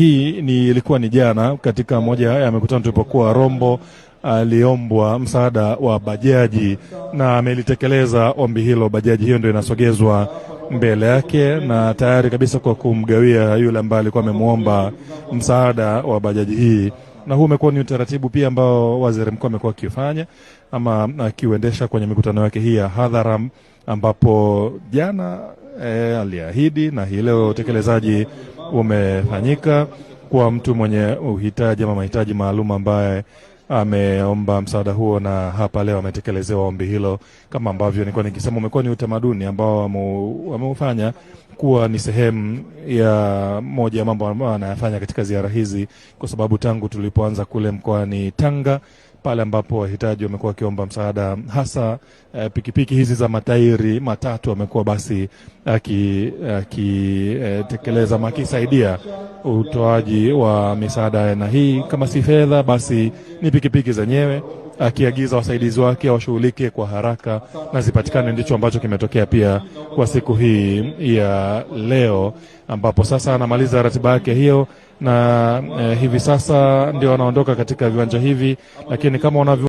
hii ni ilikuwa ni jana katika moja ya mikutano tulipokuwa Rombo, aliombwa msaada wa bajaji na amelitekeleza ombi hilo. Bajaji hiyo ndio inasogezwa mbele yake na tayari kabisa kwa kumgawia yule ambaye alikuwa amemwomba msaada wa bajaji hii na huu umekuwa ni utaratibu pia ambao waziri mkuu amekuwa akifanya ama akiuendesha kwenye mikutano yake hii ya hadhara, ambapo jana e, aliahidi na hii leo utekelezaji umefanyika kwa mtu mwenye uhitaji ama mahitaji maalum ambaye ameomba msaada huo na hapa leo ametekelezewa ombi hilo, kama ambavyo nilikuwa nikisema, umekuwa ni utamaduni ambao wameufanya kuwa ni sehemu ya moja ya mambo ambayo anayafanya katika ziara hizi, kwa sababu tangu tulipoanza kule mkoani Tanga pale ambapo wahitaji wamekuwa wakiomba msaada hasa eh, pikipiki hizi za matairi matatu amekuwa basi akitekeleza eh, akisaidia utoaji wa misaada na hii kama si fedha basi ni pikipiki zenyewe akiagiza wasaidizi wake washughulike kwa haraka na zipatikane. Ndicho ambacho kimetokea pia kwa siku hii ya leo, ambapo sasa anamaliza ratiba yake hiyo na eh, hivi sasa ndio wanaondoka katika viwanja hivi, lakini kama wanavyo